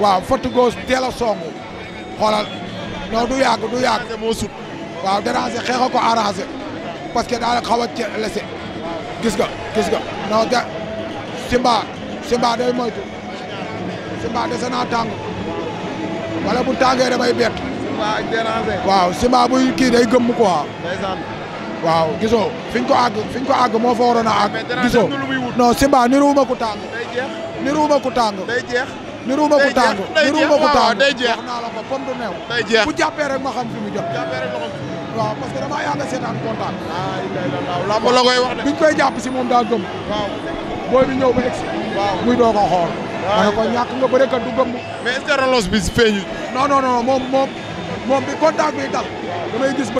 waaw fëtt gauche teel a song xoolal du yàgg du yàgg waaw déranger xeex ko arrangé parce que daal xaw a lese gis nga gis nga non de Simba Simba day moytu Simba dese naa tàng wala bu tàngee damay bett waaw Simba buy kii day gëmm quoi waaw gisoo fiñ ko àgg fiñ ko àgg moo fa waroon a gisoo non Simba niruuma ku tàng niruuma ku tàng niruuma ku tàng niruuma ah, ku tàng day jeex wax naa la ko pom du neew day jeex bu jàppee rek ma xam fi mu jot jàppee rek ma xam waaw parce que damaa yàgg a seetaan kontaan lamb la koy wax de biñ koy jàpp si moom daa gëm waaw booy bi ñëw ba egsi waaw muy doo ko xool ma ne ko ñàkk nga bëre kat du gëm mais est-ce que relos bi feeñu non non non moom moom moom bi contact bi dal damay gis